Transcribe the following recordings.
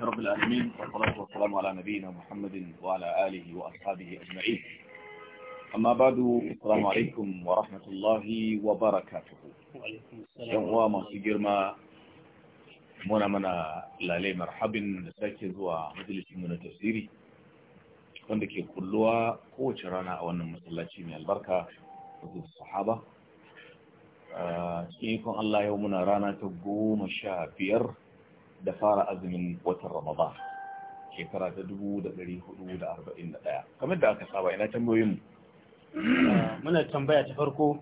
رب العالمين والصلاة والسلام على نبينا محمد وعلى آله وأصحابه أجمعين أما بعد السلام عليكم ورحمة الله وبركاته يوم ما سجر ما منا منا لالي مرحبا ساكي زوا مجلس من تفسيري wanda ke kulluwa kowace rana a wannan masallaci mai albarka da sahaba cikin ikon Allah yau muna rana ta goma sha biyar da fara azumin watan Ramadan shekara ta 1441 kamar da aka saba ina tambayoyin ah, muna tambaya ta farko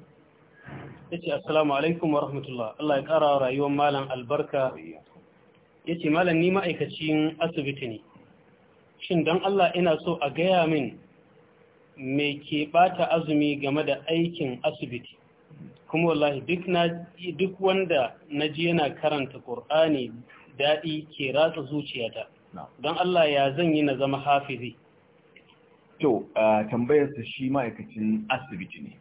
yace assalamu alaikum wa rahmatullah Allah ya kara rayuwar malam albarka yace malam ni ma'aikacin asibiti ne shin dan Allah ina so a gaya min me ke bata azumi game da aikin asibiti kuma wallahi duk wanda na yana karanta Qur'ani daɗi ke ratsa zuciyata don Allah ya zan yi na zama hafizi to tambayar tambayarsa shi ma'aikacin asibiti ne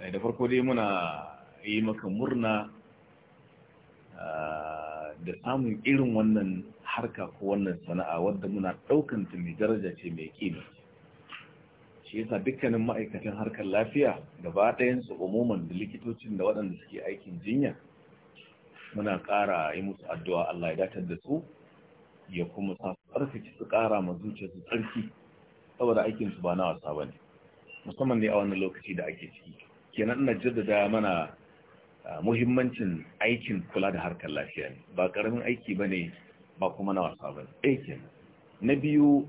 eh, da farko dai muna yi maka murna da samun irin wannan harka ko wannan sana'a wadda muna ɗaukan ɗaukanta mai daraja ce mai kima shi yasa dukkanin ma'aikacin harkar lafiya gaba su umuman da likitocin da waɗanda suke aikin jinya muna ƙara yi musu addu'a Allah ya datar da su ya kuma sa su su ƙara ma zuciya su tsarki saboda aikin su ba na wasa ba ne musamman ne a wannan lokaci da ake ciki kenan ina jaddada mana muhimmancin aikin kula da harkar lafiya ne ba ƙaramin aiki ba ne ba kuma na wasa ba ne eh, na biyu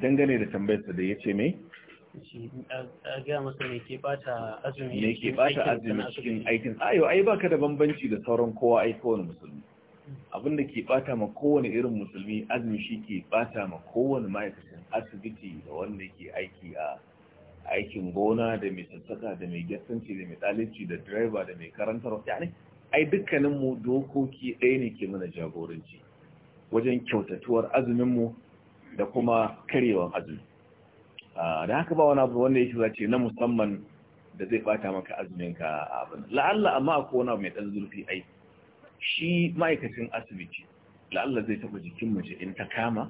dangane da tambayarsa da ya ce mai a gaya masa ne ke bata azumi ne ke bata azumi cikin aikin ayo ai baka da bambanci da sauran kowa ai kowane musulmi hmm. abin da ke bata ma kowane irin musulmi azumi shi ke bata ma kowane ma'aikacin asibiti da wanda ke aiki a aikin gona da mai sassaka da mai gyasanci da mai ɗalici da direba da mai karantar yani ai dukkaninmu dokoki ɗaya ne ke mana jagoranci wajen kyautatuwar azuminmu da kuma karyewan azumi Ah, da haka ba wani abu wanda ya shiga ce na musamman da zai bata maka azumin ka. abin la'alla amma ko wani abu mai ɗan zurfi ai shi ma'aikacin asibiti la'alla zai taɓa jikin mace in ta kama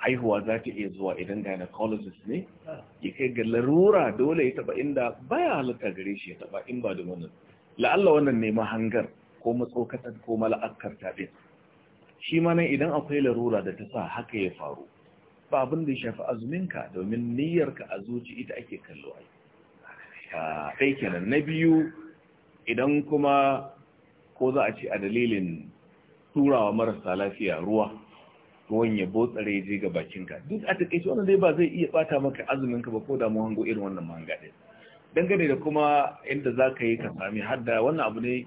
haihuwa za ta iya zuwa idan gynecologist ne ya kai ga larura dole ya taɓa inda baya halitta gare shi ya taɓa in ba da wannan la'alla wannan ne mahangar ko matsokatar ko mala'akar ta ɗin shi ma nan idan akwai larura da ta sa haka ya faru ba da ya shafi azuminka domin niyyarka a zuci ita ake kallo ai kai kenan na biyu idan kuma ko za a ce a dalilin turawa marasa lafiya ruwa ruwan ya botsare je ga bakinka duk a takaice wannan dai ba zai iya bata maka azuminka ba ko da mu hango irin wannan mahanga ɗin dangane da kuma inda za ka yi ka sami hadda wannan abu ne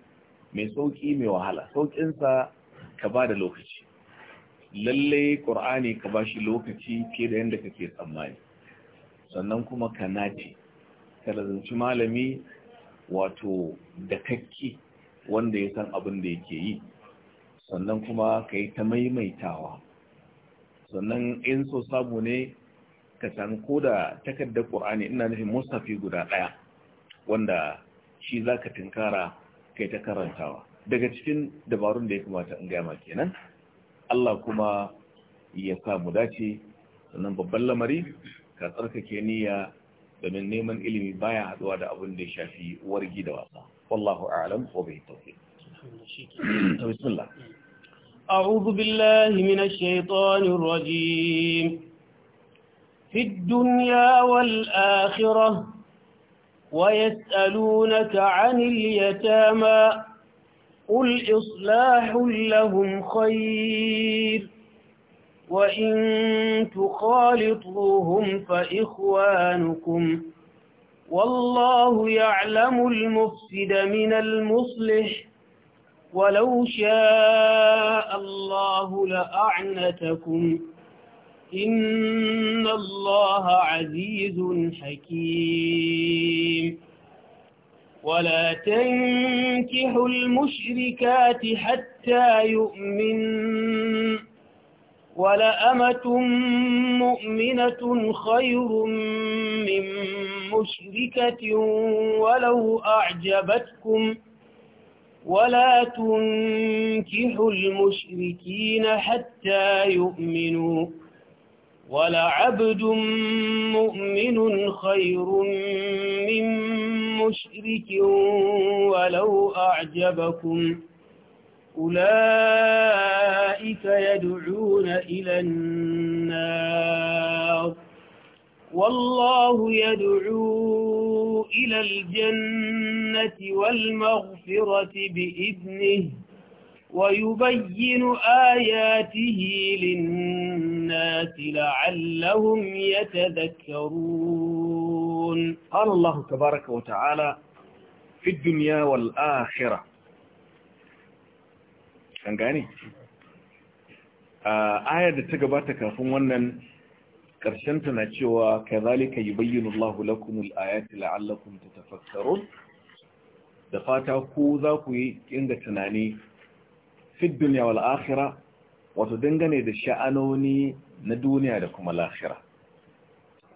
mai sauƙi mai wahala sauƙinsa ka ba da lokaci lalle ƙur'ani ka bashi lokaci fiye da yanda kake tsammani sannan kuma ka nace ka lazanci malami wato da kakki wanda ya san abin da yake yi sannan kuma ka yi ta maimaitawa sannan in so samu ne ka san ko da takardar ƙur'ani ina nufin mustafi guda ɗaya wanda shi za ka tinkara kai ta karantawa daga cikin dabarun da ya kamata in gama kenan Allah kuma ya mu dace sannan babban lamari ka tsarkake niyya domin neman ilimi baya haduwa da abin da ya shafi wargi da wasa wallahu a'lam wa bihi tawfiq bismillah a'udhu billahi minash shaitanir rajim fid dunya wal akhirah ويسألونك عن اليتامى قل إصلاح لهم خير وإن تخالطوهم فإخوانكم والله يعلم المفسد من المصلح ولو شاء الله لأعنتكم إن الله عزيز حكيم ولا تنكحوا المشركات حتى يؤمن ولأمة مؤمنة خير من مشركة ولو أعجبتكم ولا تنكحوا المشركين حتى يؤمنوا ولعبد مؤمن خير من مشرك ولو أعجبكم أولئك يدعون إلى النار والله يدعو إلى الجنة والمغفرة بإذنه ويبين آياته للناس لعلهم يتذكرون قال الله تبارك وتعالى في الدنيا والآخرة شنقاني آه، آية تقباتك فمونا كرشنتنا شوى كذلك يبين الله لكم الآيات لعلكم تتفكرون دفاتا كوذا كوي إنك تناني fid duniya wal akhira wato dangane da sha'anoni na duniya da kuma lahira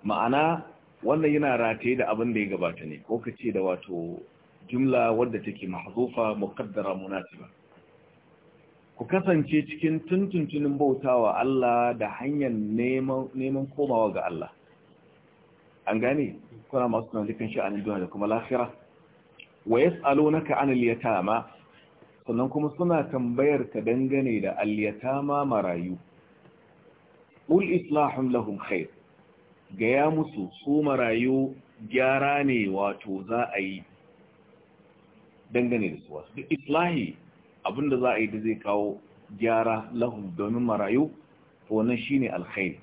ma'ana wannan yana rataye da abin da ya gabata ne ko kace da wato jumla wadda take mahzufa muqaddara munasiba ku kasance cikin tuntuntunin bautawa Allah da hanyar neman komawa ga Allah an gane kuna masu tunanikan sha'anin duniya da kuma lahira wa yas'alunaka 'anil yatama sannan kuma suna tambayar ka dangane da ma marayu ul islahun lahum khair gaya musu su marayu gyara ne wato za a yi dangane da su wasu islahi abinda za a yi da zai kawo gyara lahum domin marayu to shi shine alkhair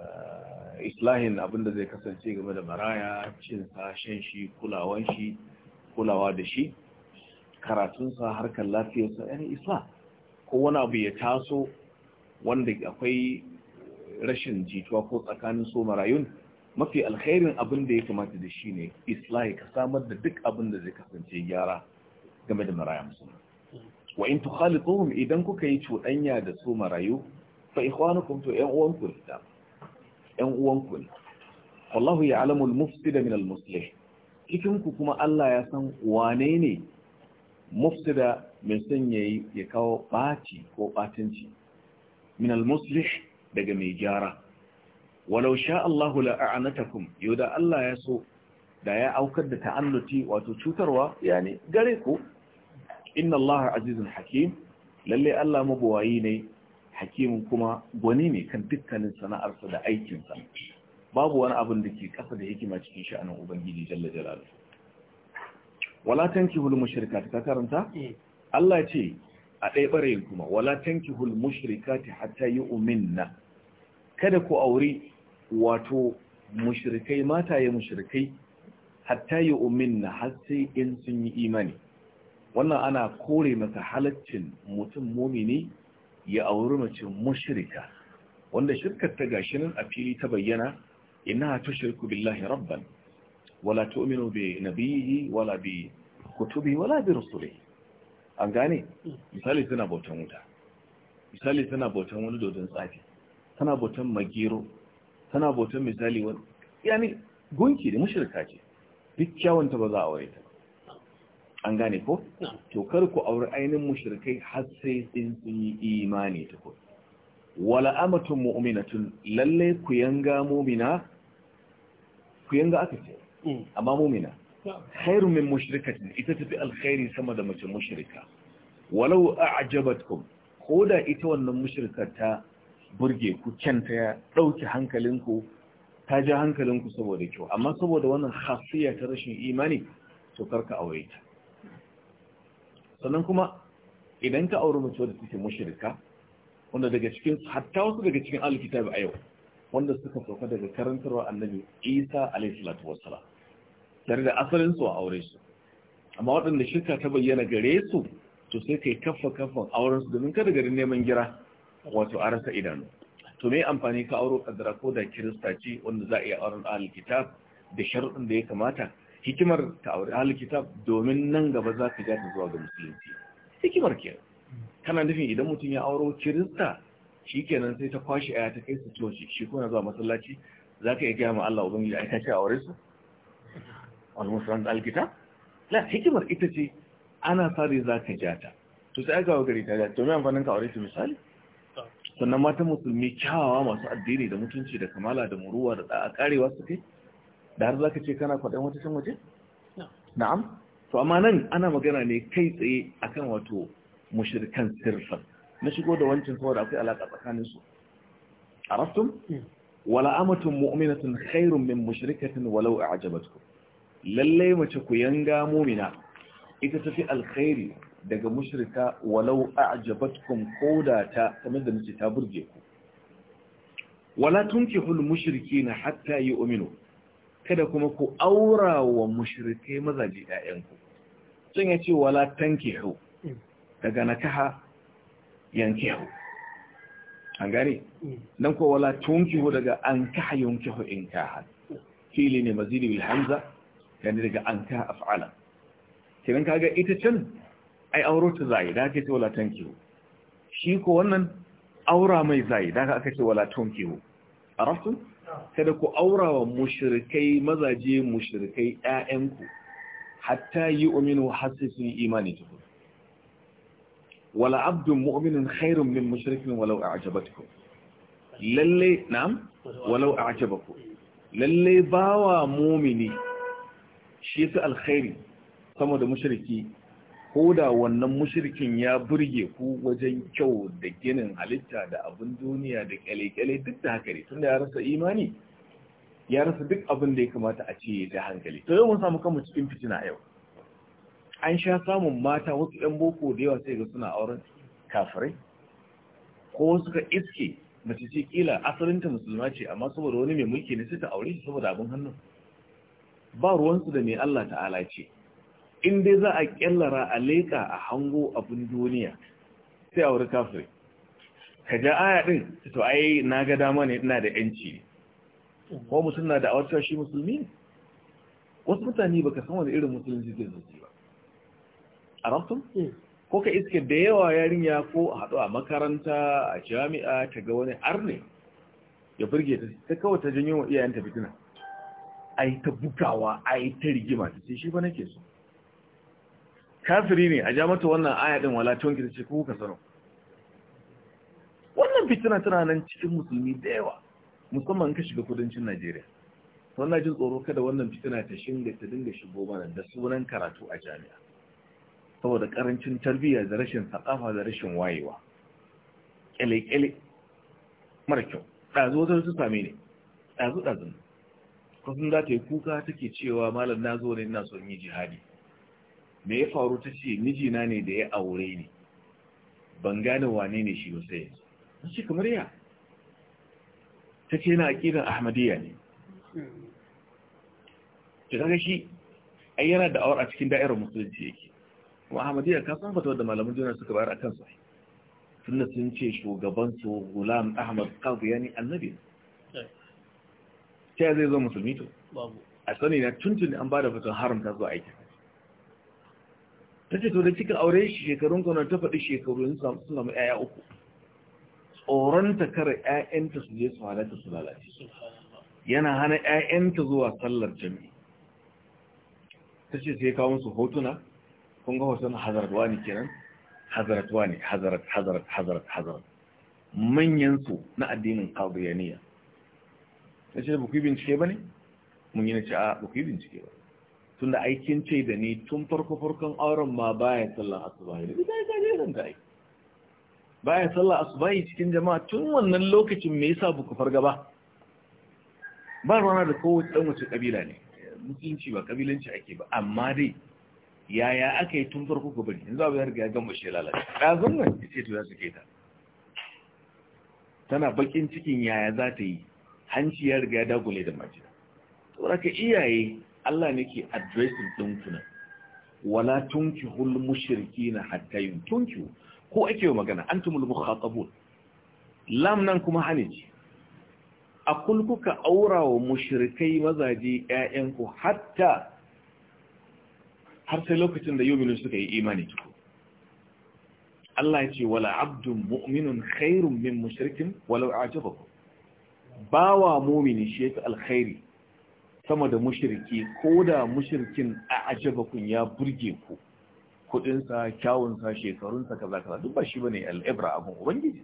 eh, islahin abinda zai kasance game da maraya cin sashen shi kulawan shi kulawa da shi karatunsa harkar lafiyarsa yan isa ko wani abu ya taso wanda akwai rashin jituwa ko tsakanin so marayun mafi alkhairin abin da ya kamata da shi ne islahi ka samar da duk abin da zai kasance gyara game da maraya musulman wa in tukhalituhum idan kuka yi cuɗanya da su marayu fa ikhwanukum to ƴan uwanku ne da ƴan uwanku ne wallahu ya'lamu al-mufsida min al-muslih cikin ku kuma Allah ya san wane ne mufsida mai son yayi ya kawo ɓaci ko ɓatanci min al daga mai gyara walau sha Allahu la'anatakum yau da Allah ya so da ya aukar da ta'annuti wato cutarwa yani gare ku inna Allah azizun hakim lalle Allah mabuwayi ne hakimin kuma gwani ne kan dukkanin sana'arsa da aikinsa babu wani abin da ke kasa da hikima cikin sha'anin ubangiji jalla jalaluhu wala tankihul mushrikati ka karanta eh. Allah ce a ɗaya ɓarayin kuma wala tankihul mushrikati hatta yu'minna kada ku auri wato mushrikai ya mushrikai hatta yu'minna har sai in sun yi imani wannan ana kore maka halaccin mutum mumini ya auri mace mushrika wanda shirkar ta gashi nan a fili ta bayyana innaha tushriku billahi rabban wala tu'minu bi nabiyhi wala bi kutubi wala bi rusuli an gane misali suna bautan wuta misali suna bautan wani dodon tsafi suna bautan magero suna bautan misali wani yani gunki da mushrika ce duk kyawunta ba za a aure ta an gane ko to kar ku aure ainihin mushrikai har sai sun sun yi imani ta ko wala amatun mu'minatun lalle ku yanga mu'mina ku yanga aka ce Mm. amma mumina hairumin min mushrikatin ita tafi alkhairi sama da mace mushrika walau a'jabatkum koda ita wannan mushrika ta burge ku kyanta ya dauki hankalinku ta ji hankalinku saboda kyau amma saboda wannan khasiyya ta rashin imani to karka aure ta sannan kuma idan ka aure mace wadda take mushrika wanda daga cikin hatta wasu daga cikin alkitabi a yau wanda suka sauka daga karantarwa annabi Isa alaihi salatu wassalam tare da asalin su a aure su amma waɗanda shirka ta bayyana gare su to sai kai kafa kafan auren su domin kada garin neman gira wato a rasa idanu to me amfani ka auro kadara ko da kirista ce wanda za a iya auren ahlul kitab da sharuɗin da ya kamata hikimar ka aure ahlul kitab domin nan gaba za ka gata zuwa ga musulunci hikimar ke kana nufin idan mutum ya auro kirista shi kenan sai ta kwashe aya ta kai su coci shi kuma zuwa masallaci za ka iya gaya ma Allah ubangiji ai shi a aure su al-musnad al-kitab la hikimar ita ce ana sare za ka ja ta to sai ga gari ta ja to me amfanin ka aure su misali sannan mata musulmi kyawawa masu addini da mutunci da kamala da muruwa da da'a karewa su kai da har ka ce kana kwaɗan wata can waje na'am to amma nan ana magana ne kai tsaye akan wato mushrikan sirfan na shigo da wancan saboda akwai alaka tsakanin su arastum hmm. wala amatun mu'minatun khairun min mushrikatin walau a'jabatkum lalle mace ku yanga mumina ita tafi alkhairi daga mushrika walau a'jabatkum koda ta kamar da mace ta burge ku wala tunkihul mushrikina hatta yu'minu kada kuma ku aura wa mushrikai mazaje ƴaƴanku sun ya ce wala tankihu daga nakaha yankihu an gane nan ko wala tunkihu daga an kaha yankihu in kaha fili ne mazidi bil hamza yani daga an ka af'ala kiran kaga ita can ai auro ta zai da ake ce wala tankihu shi ko wannan aura mai zai da aka ce wala tankihu Arafu, kada ku aura wa mushrikai mazaje mushrikai ƴaƴanku hatta yu'minu hasisu imani tuku wala abdun mu'minun khairum min mushrikin walau a'jabatkum lalle na'am walau a'jabakum lalle bawa mu'mini shi fi alkhairi sama da mushriki ko da wannan mushrikin ya burge ku wajen kyau da ginin halitta da abin duniya da kyale-kyale duk da haka ne tunda ya rasa imani ya rasa duk abin da ya kamata a ce da hankali to yau mun samu kanmu cikin fitina yau an sha samun mata wasu 'yan boko da yawa sai ga suna auren kafirai ko suka iske mace ce kila asalinta musulma ce amma saboda wani mai mulki ne sai ta aure shi saboda abin hannun ba ruwansu da mai Allah ta'ala ce in dai za a kyallara a leƙa a hango abin duniya sai a wuri kafiri ka ja aya ɗin to ai na ga dama ne ina da yanci ko mutum na da awarta shi musulmi wasu mutane ba ka san wani irin musulunci zai zuci ba a rafton hmm. ko ka iske da yawa yarinya ko a haɗu a makaranta a jami'a ta ga wani arne ya burge ta kawai ta janyo wa iyayenta fitina a ta bukawa a ta rigima ta ce shi ba nake so kafiri ne a ja mata wannan aya din wala tonki ta ce ko ka sano wannan fitina tana nan cikin musulmi da yawa musamman ka shiga kudancin Najeriya wannan jin tsoro kada wannan fitina ta shinga ta dinga shigo mana da sunan karatu a jami'a saboda karancin tarbiyya da rashin sakafa da rashin wayewa kyale-kyale mara kyau ɗazu wata su same ne ɗazu ɗazu kusan za ta yi kuka take cewa malam na zo ne ina son yi jihadi me ya faru ta ce mijina ne da ya aure ni ban gane wane ne shi ba sai yanzu ta ce kamar ya ta ce na aƙidan ahmadiyya ne ta kaga shi ai yana da awar a cikin da'irar musulunci yake kuma ahmadiyya ka san fata da malamin juna suka bayar a kansa sunna sun ce shugaban su gulam ahmad qadiyani annabi ta zai zo musulmi to a sani na tuntun an ba da fatan haramta zuwa aikin ta ce to da cikin aure shi shekarun kanon ta faɗi shekaru sun samu ‘ya'ya uku tsoronta kare ‘ya'yanta su je su halatta su lalace yana hana ‘ya'yanta zuwa sallar jami'i ta ce sai kawo musu hotuna kun ga hoton hazaratuwa ne kenan hazaratuwa ne hazarat hazarat hazarat hazarat su na addinin kabiyaniya na ce ba ku yi bincike ba ne mun yi na ce a ba ku yi bincike ba tunda aikin ce da ni tun farko farkon auren ma baya sallah asubahi da ita ka je zan kai baya sallan asubahi cikin jama'a tun wannan lokacin me yasa buku farga ba ba rana da kowace dan wace kabila ne mutunci ba kabilanci ake ba amma dai yaya aka yi tun farko ku bari yanzu abin riga ya gama shi lalata. ɗazun nan ya ce to za su ke ta tana bakin cikin yaya za ta yi hanci ya riga dagule da majina saboda iyaye Allah ne ke addressing ɗin kuna wala tunkihul na hatta yuntunkihu ko ake yi magana antumul mukhatabun lam nan kuma ce a aura aurawa mushrikai mazaje yayanku hatta har sai lokacin da yominu suka yi imani tuku Allah ya ce wala abdun mu'minun khairun min mushrikin walau a'jabakum bawa mumini shi yafi alkhairi sama da mushirki ko da mushirkin a ajabakun ya burge ku kudinsa kyawunsa shekarunsa kaza kaza duk ba shi bane al'ibra abun ubangiji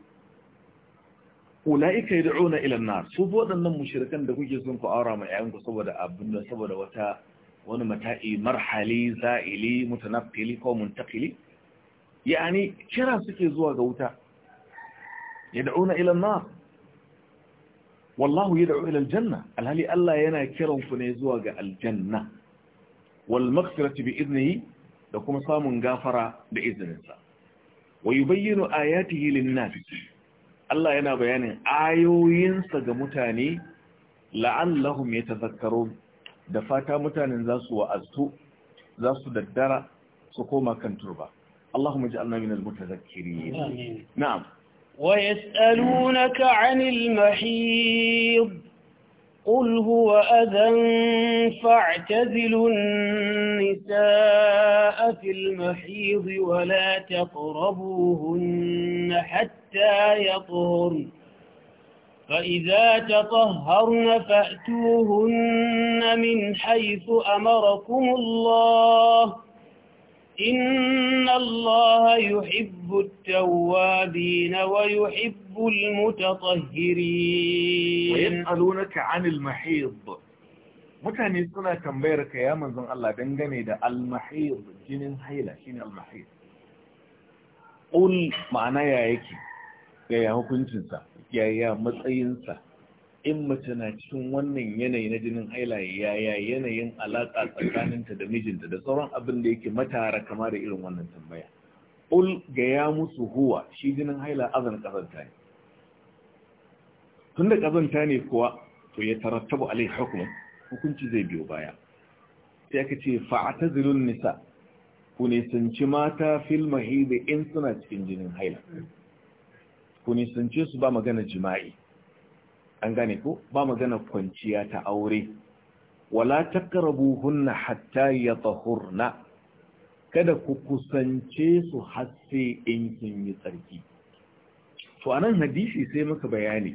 ula'ika yad'una ila an-nar su waɗannan mushrikan da kuke son ku aura mai ayyanku saboda abin da saboda wata wani mata'i marhali za'ili mutanafili ko muntaqili Ya'ani kira suke zuwa ga wuta yad'una ila an-nar wallahu yad'u ila aljanna alhali Allah yana kiran ku ne zuwa ga aljanna wal maghfirati bi idnihi da kuma samun gafara da izininsa wa yubayyinu ayatihi lin-nas Allah yana bayanin ayoyinsa ga mutane la'allahum yatazakkarun da fata mutanen za su wa'azu su daddara su koma kan turba Allahumma ij'alna minal mutazakkirin amin na'am ويسألونك عن المحيض قل هو أذى فاعتزلوا النساء في المحيض ولا تقربوهن حتى يطهرن فإذا تطهرن فأتوهن من حيث أمركم الله إن الله يحب التوابين ويحب المتطهرين ويسألونك عن المحيض mutane suna tambayar ka ya manzon Allah dangane da al-mahir jinin haila shine al ul ma'ana ya yake ya ya hukuncin sa ya ya matsayin sa in mace na cikin wannan yanayi na jinin haila ya yanayin alaƙa tsakaninta da mijinta da sauran abin da yake matara kama da irin wannan tambaya ul ga ya musu huwa shi jinin haila azan kazanta ne tun da kazanta ne kuwa to ya tarattabu alai hukum hukunci zai biyo baya sai aka ce fa'tazilun nisa ku nisanci mata fil mahidi in suna cikin jinin haila ku nisance su ba magana jima'i an gane ko ba magana kwanciya ta aure wala taqrabuhunna hatta yatahurna kada ku kusance su har sai in kin yi tsarki to anan hadisi sai muka bayani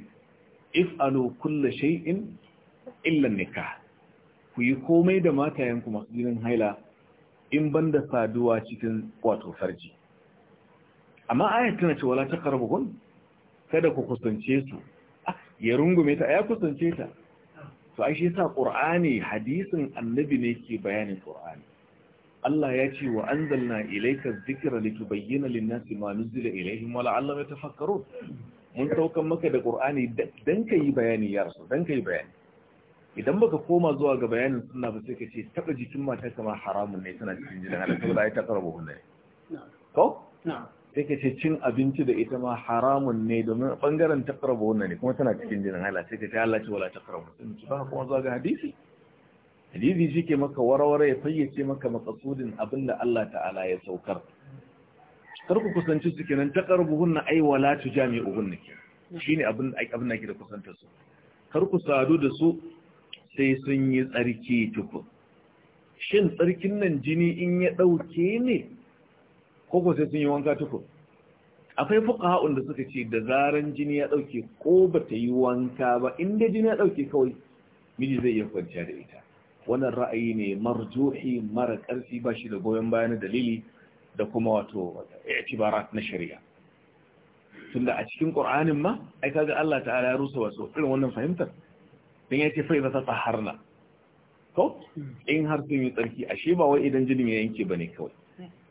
if if'alu kulli shay'in illa nikah ku yi komai da matayen ku masu jinin haila in banda saduwa cikin wato farji amma ayatuna ce wala taqrabuhun kada ku kusance su ya rungume ta ya kusance ta to ai shi yasa qur'ani hadisin annabi ne ke bayanin qur'ani Allah ya ce wa anzalna ilayka dhikra litubayyana lin-nasi ma nuzila ilayhim wa la'allahum yatafakkarun mun saukan maka da qur'ani dan kai bayani ya rasul dan kai bayani idan baka koma zuwa ga bayanin sunna ba sai ka ce taba jikin mata kamar haramun ne tana cikin jinan Allah saboda ai ta karabo hunne ko na'am take ce cin abinci da ita ma haramun ne domin bangaren takarabo wannan ne kuma tana cikin jinin hala. sai ta ce Allah ce wala takarabo sun ci ba kuma zuwa ga hadisi hadisi shi ke maka warware ya fayyace maka makasudin abin da Allah ta'ala ya saukar karku kusanci su kenan takarabo hunna ai wala tu jami'u hunna ke shine abin abin da ke da kusantar su karku sadu da su sai sun yi tsarki tukun shin tsarkin nan jini in ya dauke ne ko sai sun yi wanka tukur akwai fuqaha'un da suka ce da zaran jini ya dauke ko bata yi wanka ba inda jini ya ɗauke kawai miji zai iya kwanciya da ita wannan ra'ayi ne marjuhi mara karfi ba shi da goyon bayan dalili da kuma wato i'tibarat na shari'a tunda a cikin qur'anin ma ai kaga Allah ta'ala ya rusa wasu irin wannan fahimtar dan yace fa idza taharna ko in har sun yi tsarki ashe ba wai idan jinin ya yanke bane kawai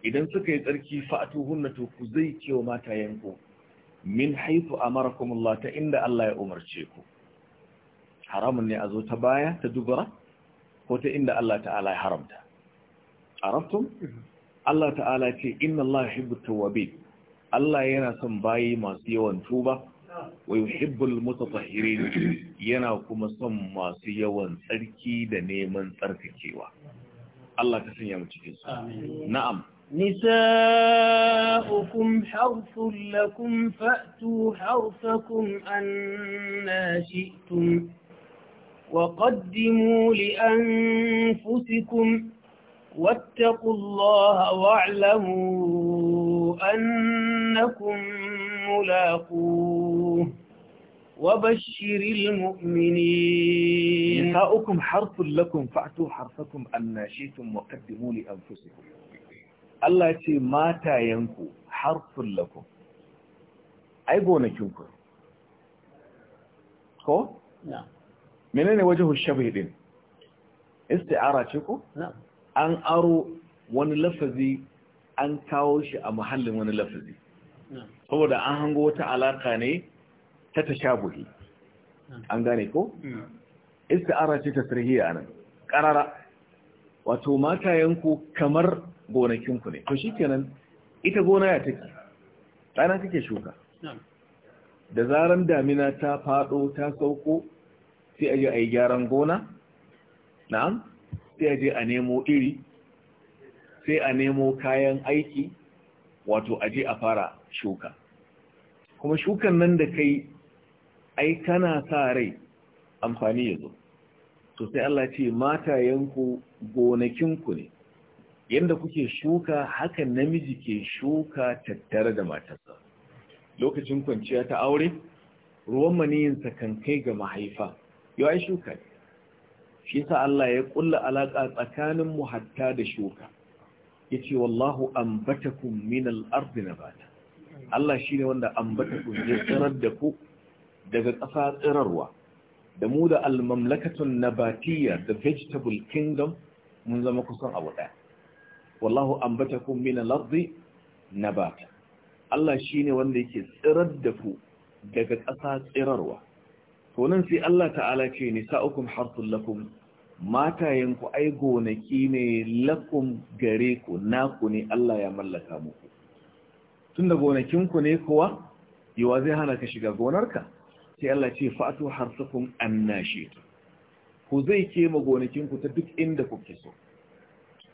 idan suka yi tsarki fa'atu hunnatu ku zai ce wa yanku. min haifu amarakumullah ta inda Allah ya umarce ku haramun ne a zo ta baya ta dubara ko ta inda Allah ta'ala ya haramta arabtum Allah ta'ala ce inna Allah yuhibbu tawwabin Allah yana son bayi masu yawan tuba wa yuhibbul mutatahhirin yana kuma son masu yawan tsarki da neman tsarkakewa Allah ta sanya mu cikin su na'am نساؤكم حرث لكم فأتوا حرثكم أنا شئتم وقدموا لأنفسكم واتقوا الله واعلموا أنكم ملاقوه وبشر المؤمنين نساؤكم حرث لكم فأتوا حرثكم أن شئتم وقدموا لأنفسكم Allah ce matayenku harfin lakum ai gonakinku ko? na menene waje hushabe din isti'ara ce ko? na an aro wani lafazi an kawo shi a muhallin wani lafazi saboda an hango wata alaka ne ta tashabuhi an gane ko? isti'ara ce ta sirhiya nan Karara. wato matayenku kamar gonakinku ne to shikenan ita gona ya take rana kake shuka da zaran damina ta fado ta sauko sai a je a yi gyaran gona na'am sai a je a nemo iri sai a nemo kayan aiki wato a je a fara shuka kuma shukan nan da kai ai kana sa rai amfani ya zo to sai Allah ce matayenku gonakinku ne yadda kuke shuka haka namiji ke shuka tattare da matarsa lokacin kwanciya ta aure ruwan maniyinsa kan kai ga mahaifa yau ai shuka ne shi sa Allah ya kulla alaƙa tsakanin mu hatta da shuka yace wallahu ambatakum min al-ard nabata Allah ne wanda ambatakum ya tsirar da ku daga ƙasa tsirarwa da mu da almamlakatun mamlakatun nabatiyya the vegetable kingdom mun zama kusan abu ɗaya wallahu ambatakum min al-ardi nabata Allah shine wanda yake tsirar da ku daga ƙasa tsirarwa to nan sai Allah ta'ala ce nisa'ukum harsul lakum matayenku ai gonaki ne lakum gare ku naku ne Allah ya mallaka muku tunda gonakinku ne kuwa yawa zai hana ka shiga gonarka sai Allah ce fa'atu harsukum annashi ku zai kema gonakinku ta duk inda kuke so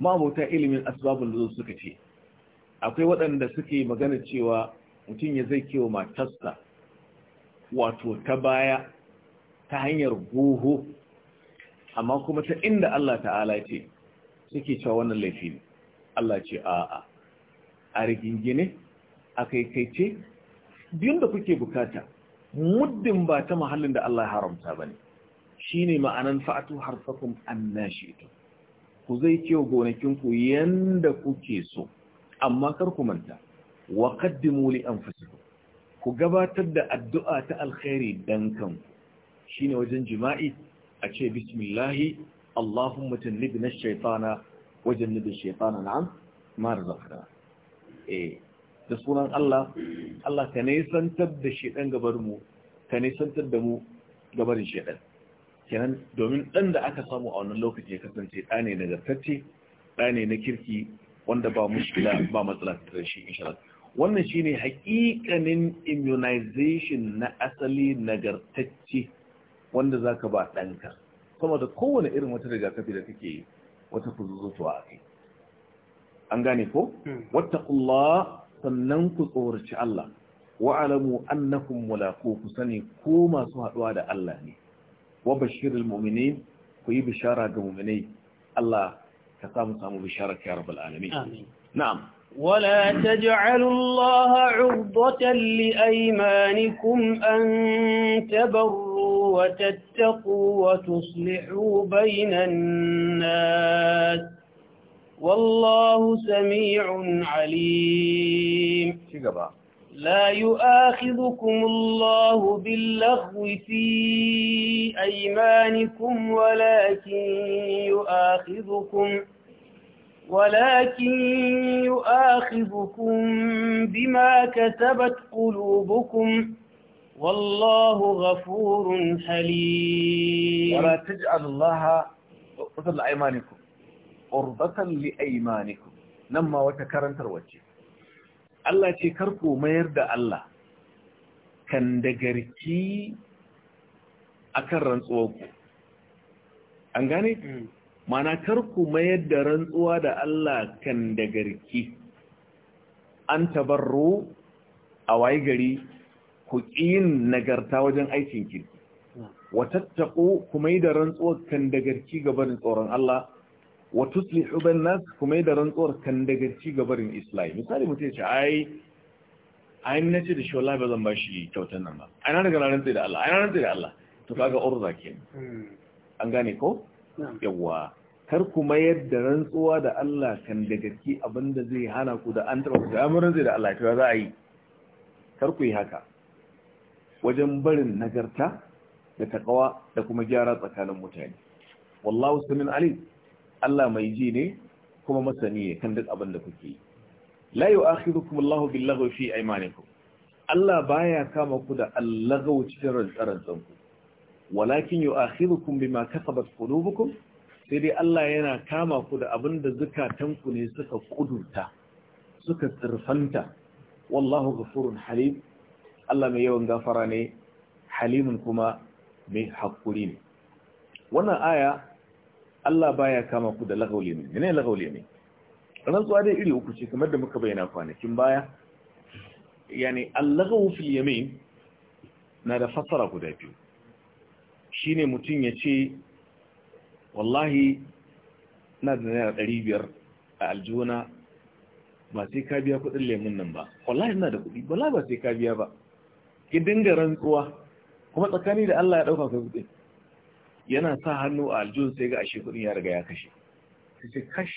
ma'abota ilimin asbabul nuzul suka ce akwai waɗanda suke magana cewa mutum ya zai kewa matarsa wato ta baya ta hanyar goho amma kuma ta inda Allah ta'ala ce suke cewa wannan laifi Allah ce a'a a rigingine a kaikaice biyun da kuke bukata muddin ba ta mahallin da Allah haramta ba ne shi ne ma'anan fa'atu harfakun annashitu ku zai ce gonakinku yanda kuke so amma kar ku manta wa qaddimu li anfusikum ku gabatar da addu'a ta alkhairi dan kanku shine wajen jima'i a ce bismillah Allahumma jannibna ash-shaytana wa jannib ash-shaytana na'am ma razaqna eh da sunan Allah Allah ka ne santar da shedan gabar mu ka ne santar da mu gabarin shedan kenan domin ɗan da aka samu a wannan lokaci ya kasance ɗa ne nagartacce ɗa ne na kirki wanda ba mushkila ba matsala ta shi insha wannan shine hakikanin immunization na asali nagartacce wanda zaka ba ɗanka saboda da kowane irin wata rigakafi da kake wata kuzuzutuwa a kai an gane ko hmm. wattaqullah sannan ku tsoraci Allah wa'alamu annakum mulaqu ku sani ko masu haɗuwa da Allah ne وبشير المؤمنين في بشارة المؤمنين الله كتاب صامو بشارك يا رب العالمين آمين. نعم ولا تجعلوا الله عرضة لأيمانكم أن تبروا وتتقوا وتصلحوا بين الناس والله سميع عليم شكرا لا يؤاخذكم الله باللغو في أيمانكم ولكن يؤاخذكم ولكن يؤاخذكم بما كسبت قلوبكم والله غفور حليم ولا تجعل الله قتل أيمانكم قربة لأيمانكم نما وتكرن تروجه Allah ce karko mayar da Allah kan dagarki akan ku' an gane mana hmm. karku mayar da rantsuwa da Allah kan dagarki an tabarro a waye gari ku ƙin nagarta wajen aikin kirki hmm. watattaku ku mai da rantsuwar kan dagarki gaban tsoron Allah wa tuslihu ban nas kuma da rantsuwar kan daga ci gabarin islahi misali mutum ya ce ai ai na ce da shi wallahi ba zan ba shi kyautar nan ba ai na daga na da Allah ai na rantsi da Allah to kaga urza ke, hmm. an gane ko yawa kar ku mayar da rantsuwa da Allah kan daga ci da zai hana ku da an taba ku da amurin zai da Allah to za a yi kar ku yi haka wajen barin nagarta da takawa da kuma gyara tsakanin mutane wallahu samin alim Allah mai ji ne kuma masani ne kan duk abin da kuke yi la yu'akhidukum Allahu billaghwi fi aymanikum Allah baya kama ku da allagaw cikin rantsarantsan ku walakin yu'akhidukum bima kasabat qulubukum sai dai Allah yana kama ku da abin da zukatan ku ne suka kudurta suka tsirfanta wallahu ghafurun halim Allah mai yawan gafara ne halimun kuma mai hakuri ne wannan aya Allah baya kama ku da lagawul yamin ne lagawul yamin rantsuwa dai iri uku ce kamar da muka bayyana kwanakin baya yani allagawu fil yamin na da fassara guda biyu shine mutum ya ce wallahi na da naira ɗari biyar a aljuna ba sai ka biya kuɗin lemun nan ba wallahi na da kuɗi wallahi ba sai ka biya ba ki dinga rantsuwa kuma tsakani da Allah ya ɗauka ka kuɗi yana sa hannu a aljihun sai ga ashe kudin ya riga ya kashe sai ce kash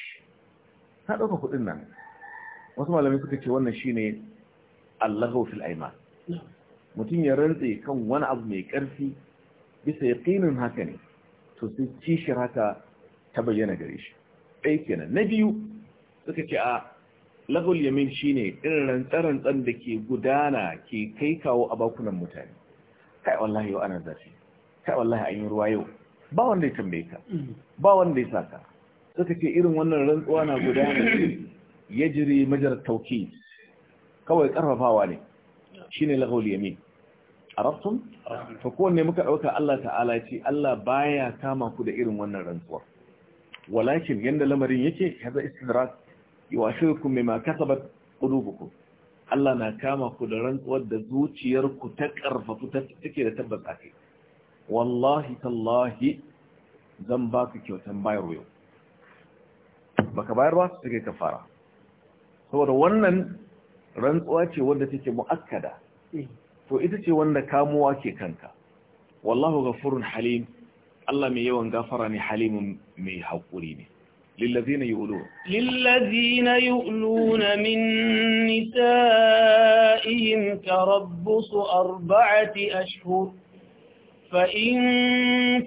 ta ɗauka kudin nan wasu malamai suka ce wannan shine allahu fil mutum ya rantse kan wani abu mai ƙarfi bisa yaqinin haka ne to sai kishir haka ta bayyana gare shi Ɗai kenan na biyu suka ce a lahul yamin shine irin rantsarantsan da ke gudana ke kai kawo a bakunan mutane kai wallahi yau ana zafi kai wallahi an yi ruwa yau ba wanda ya tambaye ka mm. ba wanda ya ka suka ce irin wannan rantsuwa na gudana ya jiri majar tauki kawai karfafawa ne Shi shine lahul yamin arabtum to kowanne muka ɗauka Allah ta'ala ce Allah baya kama ku da irin wannan rantsuwa walakin yadda lamarin yake haza istidrak ku mai kasabat qulubukum Allah na kama ku da rantsuwar da zuciyarku ta karfafu take da a kai والله تالله زن باك كيوتن باير ويو باك باير واس تكي كفارة سوال ونن رنس واتي ونن تكي مؤكدة فو إتتي ونن كامو واكي كانت والله غفور حليم الله ميو انغفرني حليم ميحو قريني للذين يؤلون للذين يؤلون من نسائهم تربص أربعة أشهر فإن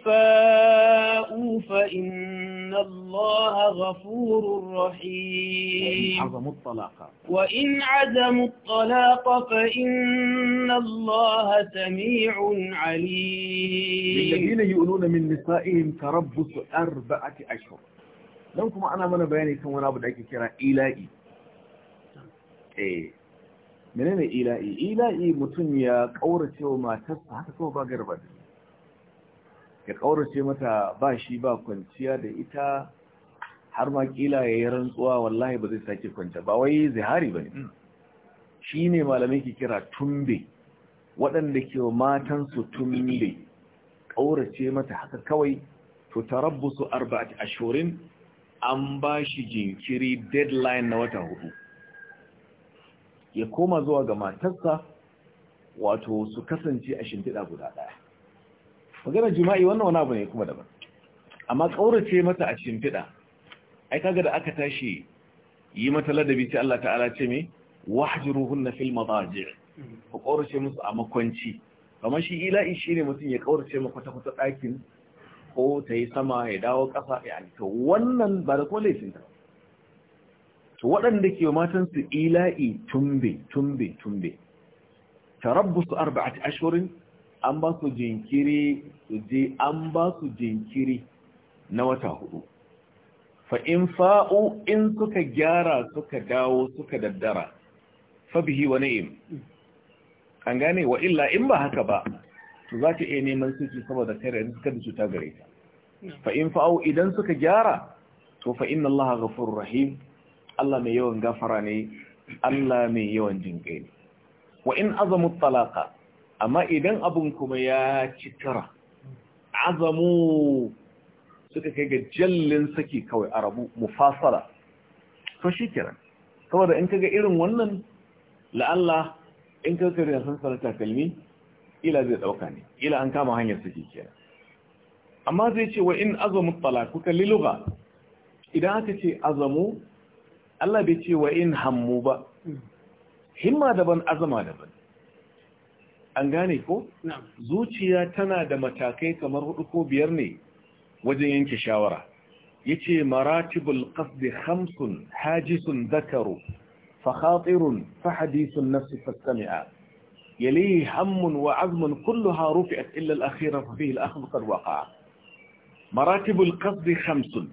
فاءوا فإن الله غفور رحيم وإن عظم الطلاق وإن عزموا الطلاق فإن الله سميع عليم الذين يؤلون من نسائهم تربص أربعة أشهر لو لنكم أنا من بياني كم ونابد أيك كرا إلائي إيه من أين إلائي إلائي متنيا كورة وما تسا حتى كوبا قربا دي ya ƙaurace mata ba shi ba kwanciya da ita har ma kila ya yi rantsuwa wallahi ba zai sake kwanta ba wai zihari ba ne mm. shi ne malamai ke kira tumbe waɗanda ke matansu tumbe ƙaurace mata haka kawai to su arba'ati ashirin, an ba shi jinkiri deadline na wata hudu ya koma zuwa ga matarsa wato su kasance a shimfiɗa guda ɗaya magana jima'i wannan wani abu ne kuma daban amma kaurace mata a shimfiɗa ai kaga da aka tashi yi mata ladabi ce Allah ta'ala ce me wahjuruhunna fil madajir ku kaurace musu a makwanci kamar shi ila'i shine mutum ya kaurace maka kwata kwata ɗakin ko ta yi sama ya dawo kafa ya to wannan ba da kuma laifin ta to waɗanda ke matan su ila'i tumbe tumbe tumbe tarabbusu arba'ati ashhurin an ba su jinkiri su je an ba ku jinkiri na wata hudu fa'in fa'o in suka gyara suka dawo suka daddara fabihi wa na'im an gane wa illa in ba haka ba to za ta iya neman suci saboda kare yanzu suka da cuta gare ta fa'in fa'o idan suka gyara to fa'in Allah gafur rahim Allah mai yawan gafara ne Allah mai yawan jinkai ne wa in azamu talaka amma idan abin kuma ya ci azamu suka kai ga jallin saki kawai a rabu mufasara to shi kiran saboda in kaga irin wannan la'alla in ka kare san sanar takalmi ila zai dauka ne ila an kama hanyar saki kenan amma zai ce wa in azamu talaku kalli lugha idan aka ce azamu Allah bai ce wa in hammu ba hmm. himma daban azama daban an gane ko zuciya tana da matakai kamar hudu ko biyar ne wajen yanke shawara yace maratibul qasd khamsun hajisun dhakaru fa khatirun fa hadithun nafs fastami'a يليه هم وعزم كلها رفعت إلا الأخيرة ففيه الأخذ قد وقع maratibul القصد خمس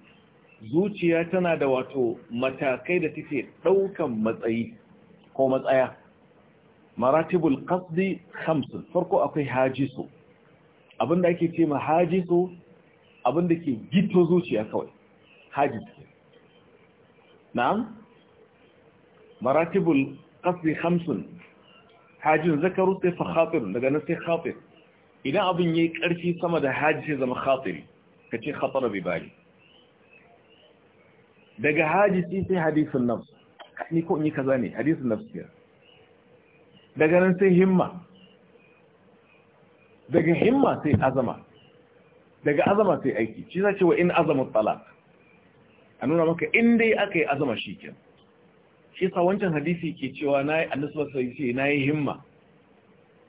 zuciya tana da wato matakai da take ɗaukan matsayi ko matsaya maratibul qasdi khamsun farko akwai hajisu abinda ake ce ma hajisu abinda ke gito zuciya kawai hajisu na'am maratibul qasdi khamsun hajin zakaru sai fa khatir daga nan sai khatir idan abin yayi karfi sama da haji sai zama khatiri kace khatara bi bali daga haji sai hadisin nafs ni ko in yi kaza ne hadisin nafs daga nan sai himma daga himma sai azama daga azama sai aiki shi za ce wa in azama talak a nuna maka in dai aka yi azama shi ke shi sa wancan hadisi ke cewa na yi annasuwa sai ce na yi himma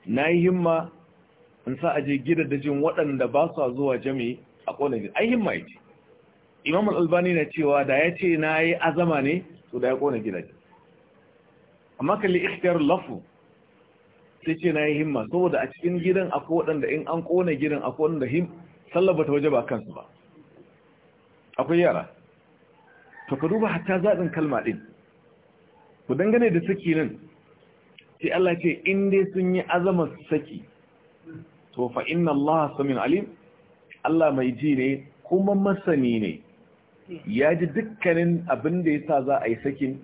na yi himma in sa aje gida da jin waɗanda ba su zuwa jami a ƙone ai himma ya ce imam al'albani na cewa da ya ce na yi azama ne to da ya ƙone gidaje amma kalli ikhtiyar lafu sai ce na yi himma saboda a cikin gidan akwai waɗanda in an ƙone gidan akwai waɗanda him sallah ba ta waje ba kansu ba akwai yara to ka duba hatta zaɗin kalma ɗin ku dangane da saki nan sai Allah ce in dai sun yi azama saki to fa inna Allah samin alim Allah mai ji ne kuma masani ne ya ji dukkanin abin da ya sa za a yi sakin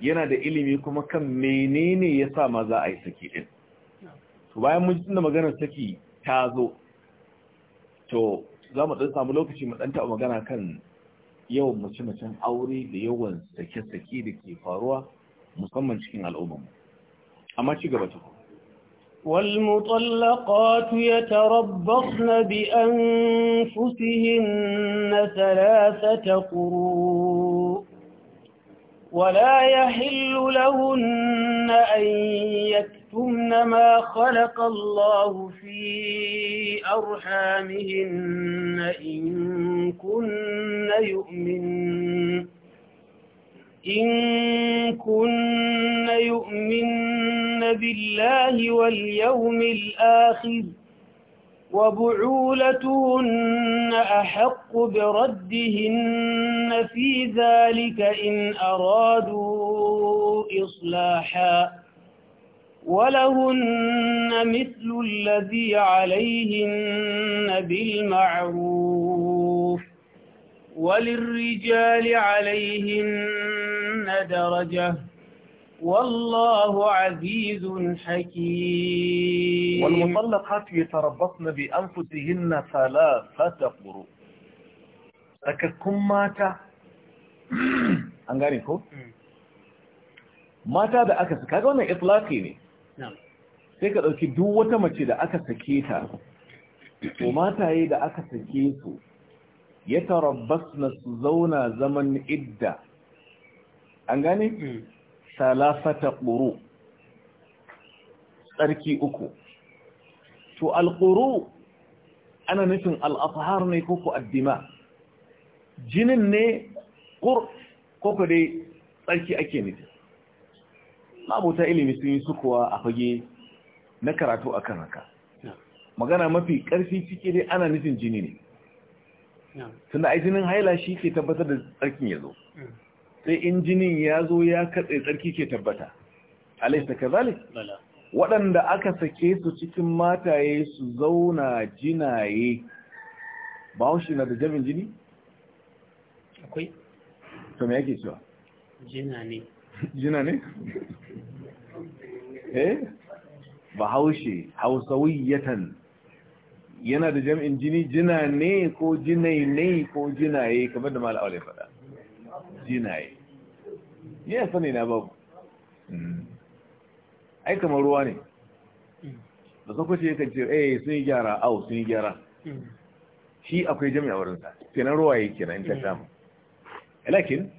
yana da ilimi kuma kan menene ya sa ma za a yi saki ɗin to bayan mun ji tunda maganar saki ta zo to za mu ɗan samu lokaci mu ɗan taɓa magana kan yawan mace-macen aure da yawan sake-sake da ke faruwa musamman cikin al'ummarmu amma ci gaba tukun والمطلقات يتربصن بأنفسهن ثلاثة قروء ولا يحل لهن أن يكفر ثم ما خلق الله في أرحامهن إن كن يؤمن إن كن يؤمن بالله واليوم الآخر وبعولتهن أحق بردهن في ذلك إن أرادوا إصلاحاً ولهن مثل الذي عليهن بالمعروف وللرجال عليهن درجة والله عزيز حكيم والمطلقات يتربصن بأنفسهن ثلاثة قروء sakakkun mata an كو ko mata da aka sai ka ɗauki duk wata mace da aka sake ta to mataye da aka sake su ya tarabbas na su zauna zaman idda an gane? Hmm. salafata ƙuru tsarki uku to alƙuru ana nufin al'afahar ne koko addima jinin ne ƙur koko dai tsarki ake nufi mabuta ilimi sun yi sukuwa a fage na karatu a kan haka magana mafi ƙarfi ciki dai ana nufin jini ne tunda a jinin haila shi ke tabbatar da tsarkin ya zo mm. sai in jinin ya zo ya katse tsarki ke tabbata alaisa ka zalik waɗanda aka sake su cikin mataye su zauna jinaye ba shi na da jamin jini? akwai to me yake cewa jina ne jina ne eh bahaushe hausawiyatan yana da jam'in jini jina ne ko jinai ne ko jinaye kamar da mala aure faɗa jinaye ya sani na babu hmm. ai kamar ruwa ne hmm. da sokoci yakan ce eh sun yi gyara au sun yi gyara hmm. shi akwai jami'a wurinsa kenan ruwa yake kenan in ka samu lakin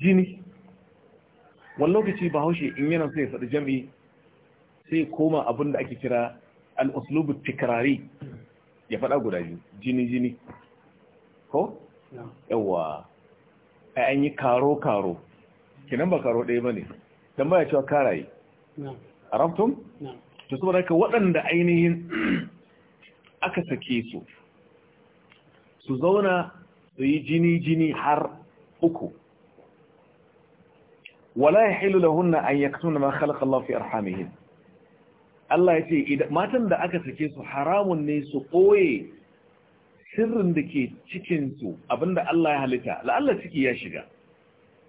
jini wani lokaci ba haushe in yana sai faɗi jam'i sai koma abin da ake kira al'uslubu tikirari ya faɗa guda jini jini ko? yawa a yanyi karo-karo kinan ba karo ɗaya ba ne don baya cewa karaye a raftun? to su ka waɗanda ainihin aka sake su su zauna su yi jini-jini har uku wala yahillu lahunna an yaktuna ma khalaqa Allah fi arhamihin Allah ya ce matan da aka sake su haramun ne su koye sirrin da ke cikinsu abinda Allah ya halitta la'alla ciki ya shiga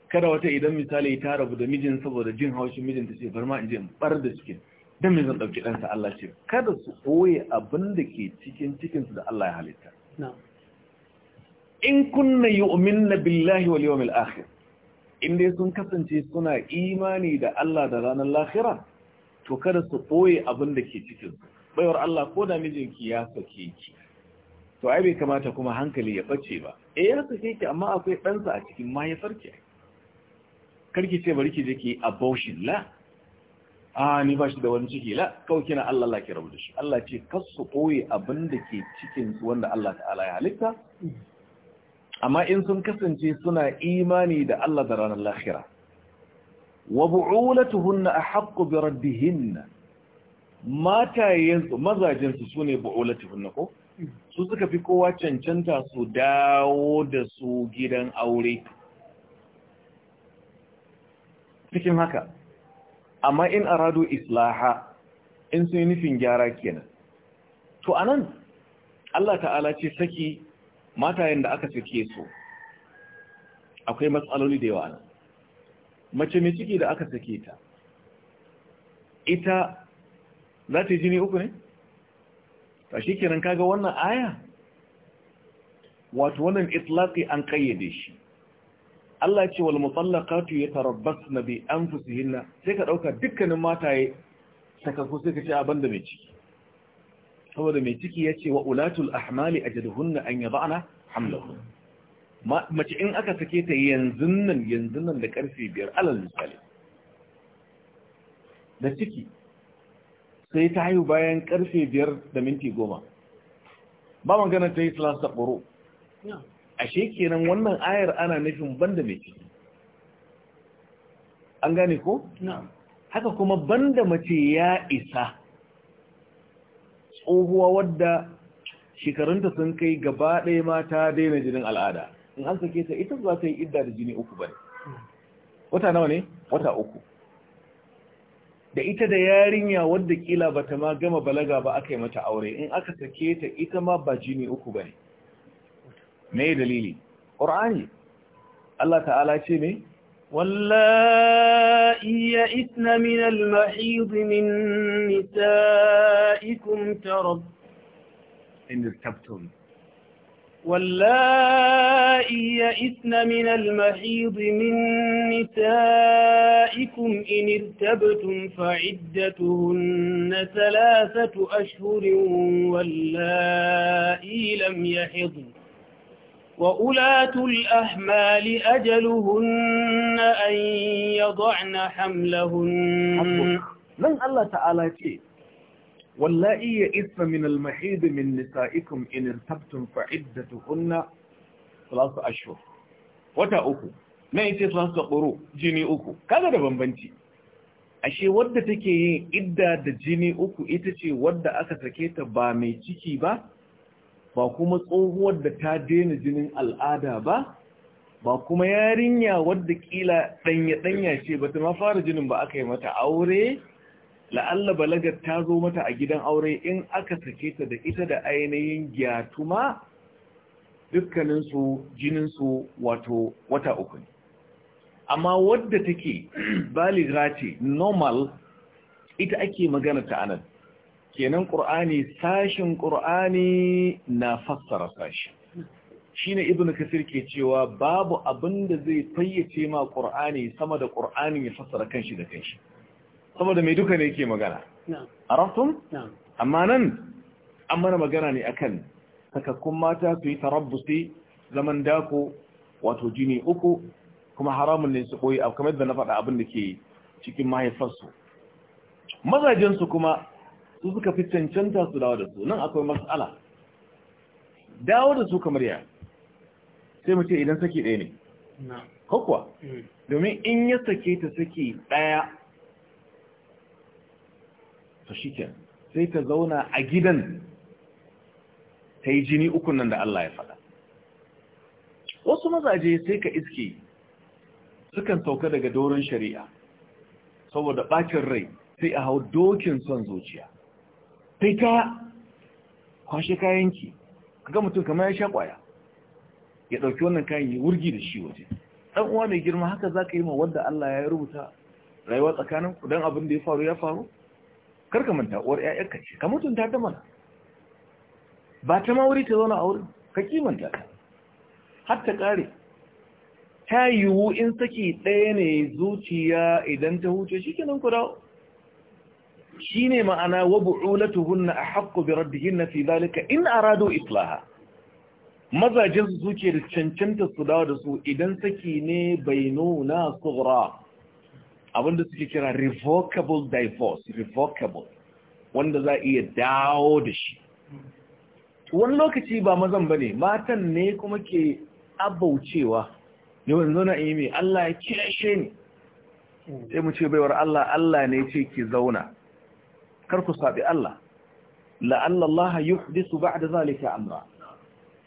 kada wata idan misali ta rabu da mijin saboda jin haushin mijin ta ce bar ma in je bar da cikin dan mijin zan dauki dan sa Allah ce kada su koye abinda ke cikin cikinsu da Allah ya halitta in kunna yu'minna billahi wal yawmil akhir in dai sun kasance suna imani da Allah da ranar lahira to kada su ɓoye abin da ke cikin baiwar Allah ko da mijinki ya sake ki to ai bai kamata kuma hankali ya bace ba eh ya sake ki amma akwai ɗansa a cikin ma ya farke karki ce bari ki je ki abortion la a ni ba shi da wani ciki la kawai kina Allah Allah ki rabu da shi Allah ce kasu su ɓoye abin da ke cikin wanda Allah ta'ala ya halitta amma in sun kasance suna imani da Allah da ranar lahira wa bu'ulatuhunna ahaqqu bi raddihinna mata yanzu mazajin su sune bu'ulatuhunna ko su suka fi kowa cancanta su dawo da su gidan aure cikin haka amma in aradu islaha in sun yi nufin gyara kenan to anan Allah ta'ala ce saki matayen da aka sake su akwai matsaloli da yawa mace mai ciki da aka sake ta ita za ta yi jini uku ne? ta shi kenan kaga wannan aya wato wannan itlaki an kayyade shi Allah ce wal mutallaqatu yatarabbasna bi anfusihinna sai ka dauka dukkanin mataye sakaku sai ka ce abanda da mai ciki saboda mai ciki ya ce wa ulatul ahmali ajaduhunna an yada'na hamlahun mace in aka sake ta yanzu nan yanzu nan da karfe biyar alal misali da ciki sai ta haihu bayan ƙarfe biyar da minti goma ba magana ta yi salasta ɓoro ashe kenan wannan ayar ana nufin banda mai ciki an gane ko? haka kuma banda mace ya isa tsohuwa wadda shekarunta sun kai gaba ɗaya mata ta daina jinin al'ada in an sake ta ita za ta yi idda da jini uku bane wata nawa ne wata uku da ita da yarinya wadda kila ba ta ma gama balaga ba aka yi mata aure in aka sake ta ita ma ba jini uku bane me dalili qur'ani Allah ta'ala ce ne واللائي يئسن من المحيض من نسائكم ترب إن ارتبتم واللائي يئسن من المحيض من نسائكم إن ارتبتم فعدتهن ثلاثة أشهر واللائي لم يحضن وأولاة الأحمال أجلهن أن يضعن حملهن لن الله تعالى شيء واللائي يئس من المحيض من نسائكم إن ارتبتم فعدتهن ثلاثة أشهر wata uku na ita su tsoro jini uku kaga da bambanci ashe wadda take yin idda da jini uku ita ce wadda aka sake ta ba mai ciki ba ba kuma tsohuwar da ta daina jinin al'ada ba ba kuma yarinya wadda kila danya-danya ce ba ta ma fara jinin ba aka yi mata aure la'alla balagar ta zo mata a gidan aure in aka sake ta da ita da ainihin gyatuma dukkaninsu jininsu wato wata uku ne amma wadda take bali ce normal ita ake magana ta anan kenan ƙur'ani sashin ƙur'ani na fassara sashi shine ibn kasir ke cewa babu abin da zai fayyace ma ƙur'ani sama da ƙur'ani ya fassara kanshi da kanshi sama mai duka ne ke magana araftum amma nan an mana magana ne akan sakakkun mata su yi tarabbusi zaman dako wato jini uku kuma haramun ne su koyi abu kamar da na faɗa abin da ke cikin mahaifarsu mazajensu kuma su suka fi cancanta su dawo da su nan akwai matsala dawo da su kamar ya sai mu idan saki ɗaya ne kokuwa hmm. domin in ya sake ta saki ɗaya ta shi ke sai ta zauna a gidan ta yi jini ukun nan da Allah ya faɗa wasu mazaje sai ka iske sukan sauka daga doron shari'a saboda ɓacin rai sai a hau dokin son zuciya Sai ta kwashe kayanki ga mutum kamar ya sha kwaya ya ɗauki wannan kayan yi wurgi da shi waje ɗan uwa mai girma haka za ka yi ma wanda Allah ya rubuta rayuwa tsakanin ku don abin da ya faru ya faru kar manta uwar ka ce ka mutunta ta mana ba ta ma wuri ta zauna a wurin ka kimanta ta har ta ƙare ta yiwu in saki ɗaya ne zuciya idan ta huce shi kenan ku dawo shine ma'ana wa bu'ulatuhunna ahqqu bi raddihinna fi zalika in aradu islaha mazajin su suke da cancanta su dawo da su idan saki ne bainuna sughra abinda suke kira revocable divorce revocable wanda za iya dawo da shi wani lokaci ba mazan bane matan ne kuma ke abaucewa ne wanzu na yi Allah ya kiyashe ni sai mu ce baiwar Allah Allah ne ce ki zauna kar ku sabi Allah la'alla Allah yuhdisu da zalika amra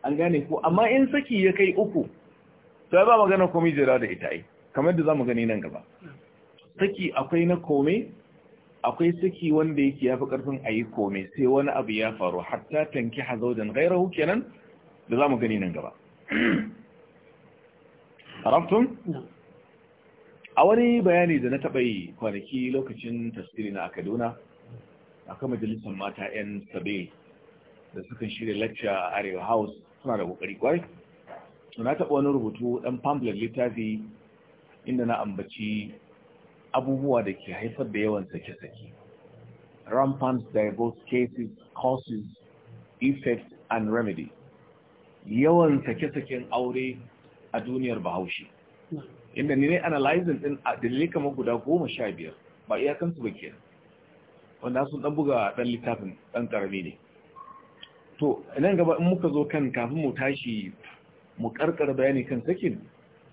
an gane ku amma in saki ya kai uku sai ba magana komai jira da ita ai kamar da mu gani nan gaba saki akwai na komai akwai saki wanda yake yafi karfin ayi komai sai wani abu ya faru hatta tanki hazaudan ghairahu kenan da mu gani nan gaba arabtum a wani bayani da na taɓa yi kwanaki lokacin tasiri na a kaduna akwai majalisar mata 'yan sabe da suka shirya lacca a arewa house suna da kokari kwai na taɓa wani rubutu ɗan pamphlet littafi inda na ambaci abubuwa da ke haifar da yawan sake-sake rampant diverse cases causes effects and remedy yawan sake-saken aure a duniyar bahaushe inda ni ne analyzing din dalilai kamar guda goma sha biyar ba iyakansu ba kenan wanda sun dan buga dan littafin dan karami ne to nan gaba in muka zo kan kafin mu tashi mu karkar bayani kan sakin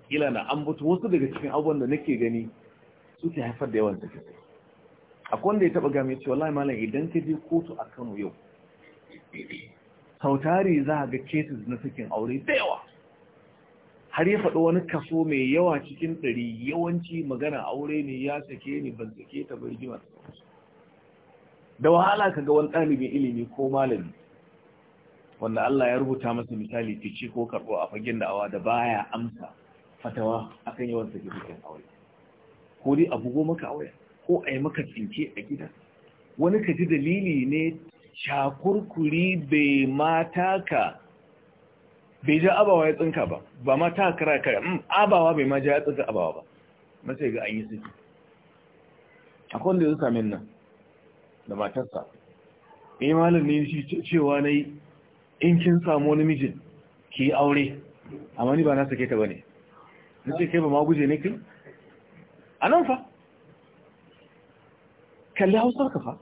ila na an ambato wasu daga cikin abubuwan da nake gani suke haifar da yawan sakin akwai wanda ya taba game cewa wallahi malam idan ka je kotu a Kano yau sautari za ga cases na sakin aure da yawa har ya faɗi wani kaso mai yawa cikin ɗari yawanci magana aure ne ya sake ni ban sake ta bai jima da wahala ka ga wani ɗalibin ilimi ko malami wanda Allah ya rubuta masa misali fice ko karɓo a fagen da awa da baya amsa fatawa akan yawan sake fitan aure ko dai a bugo maka aure ko a yi maka tsinke a gida wani ka ji dalili ne shakurkuri bai mata ka bai ja abawa ya tsinka ba ba ma ta kara kare mm, abawa bai ma ja ya tsinka abawa ba masai ga an yi suke akwai wanda ya zuka min nan da matarsa eh malam ne shi cewa yi in kin samu wani mijin ki yi aure amma ni ba na sake ta bane ce kai ba ma guje ne kin nan fa kalli hausar ka fa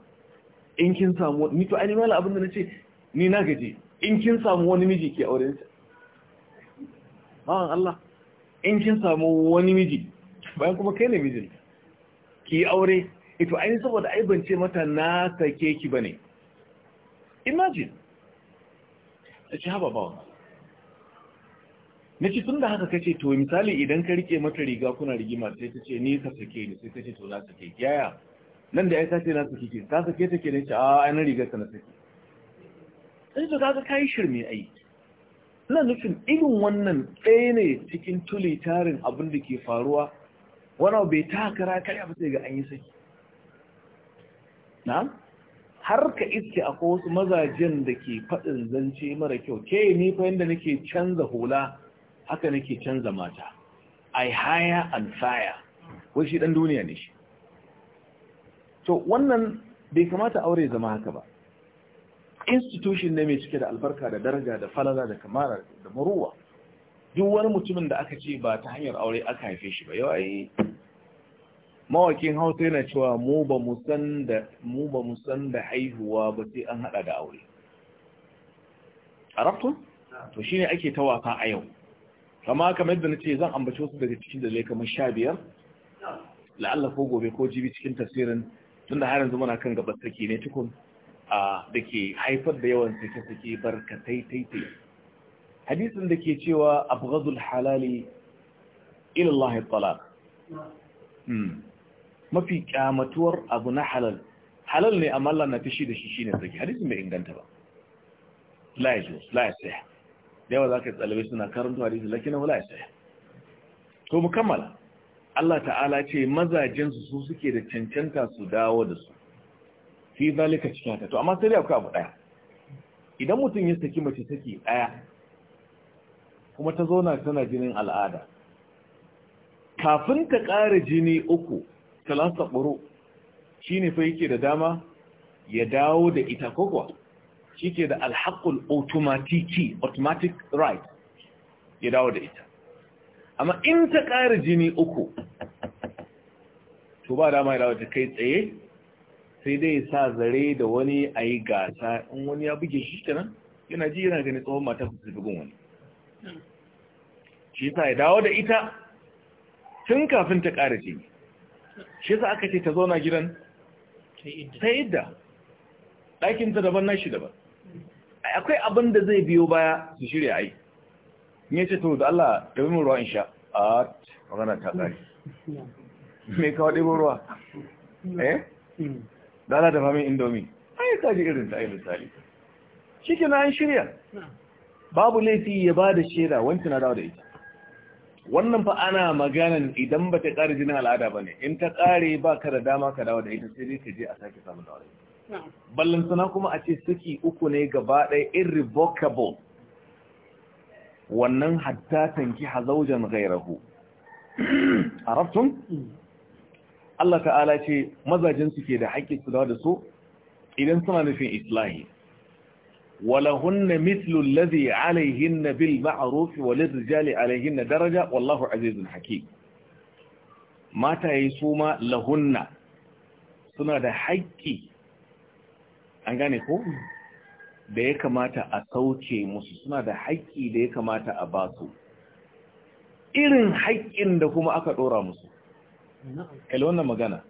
in kin samu ni to ai malam abin da nace ni na gaje in kin samu wani miji ki aure ta ma'an Allah in kin samu wani miji bayan kuma kai ne mijin ki aure ito eh ainihin saboda aibance mata na sake ki ba ne imagine da ci haba ba wani na ci tun da haka kace to misali idan ka rike mata riga kuna rigima sai ta ce ni ka sake ni sai ta ce to na sake ki yaya nan da ya ce na sake ki ta sake ta ke ne ce a ainihin rigar ka na sake sai to kaga kai shirme ai ina nufin irin wannan tsaye ne cikin tuli tarin abin da ke faruwa wani bai takara kare ba sai ga an yi sake na'am har ka iske a wasu mazajen da ke faɗin zance mara kyau ke ni fa yanda nake canza hula haka nake canza mata i hire and fire wai shi dan duniya ne shi to wannan bai kamata aure zama haka ba institution ne mai cike da albarka da daraja da falala da kamara da maruwa duk wani mutumin da aka ce ba ta hanyar aure aka haife shi ba yawai mawakin hausa yana cewa mu ba mu san da mu ba mu san da haihuwa ba sai an hada da aure arabtun to shine ake ta wasa a yau kama kamar yadda ce zan ambaci wasu daga cikin dalilai kamar 15 la'alla ko gobe ko jibi cikin tafsirin tunda har yanzu muna kan gaba saki ne tukun a dake haifar da yawan sake sake barkatai taitai hadisin da ke cewa abghadul halali ila Allah talaq hmm. mafi kyamatuwar abu na halal halal ne amma Allah na fishi da shi shine sarki hadisi mai inganta ba la yajuz la yasih da yawa zaka tsalibai suna karanta hadisi lakin la yasih to mu kammala Allah ta'ala ce mazajensu su suke da cancanta su dawo da su fi zalika cikin haka to amma sai dai akwai abu daya idan mutum ya saki mace saki daya kuma ta zauna tana jinin al'ada kafin ta ƙara jini uku talata ƙuro shi ne fa yake da dama ya dawo da ita kokowa shi ke da alhaƙul automatiki automatic right ya dawo da ita amma in ta ƙara jini uku to ba dama ya dawo da kai tsaye sai dai sa zare da wani a yi gasa in wani ya buge shi nan, yana ji yana gani tsohon mata ku su bugun wani shi sa ya dawo da ita tun kafin ta ƙara jini shi za aka ce ta zauna gidan ta idda ɗakin ta daban nashi daban akwai abin da zai biyo baya su shirya ai in yace to da Allah da mu ruwa insha a magana ta tsari me ka wadi ruwa eh da Allah da famin indomi ai ka ji irin ta ai misali shikenan an shirya babu laifi ya bada sheda wancan na dawo da ita wannan fa ana maganan idan ba ta ƙare jinin al'ada ba ne in ta ƙare ba ka da dama ka dawo da ita sai dai ka je a sake samun da Ballon kuma a ce suki uku ne gaba ɗaya irrevocable wannan hatta tanki hazaujan gairahu arabtun hmm. Allah ta'ala ce mazajin ke da haƙƙi su dawo da su idan suna nufin islahi ولهن مثل الذي عليهن بالمعروف وللرجال عليهن درجة والله عزيز حكيم mata yi su ma suna da haƙƙi an gane ko da ya kamata a sauke musu suna da haƙƙi da ya kamata a ba su irin haƙƙin da kuma aka ɗora musu kalli wannan magana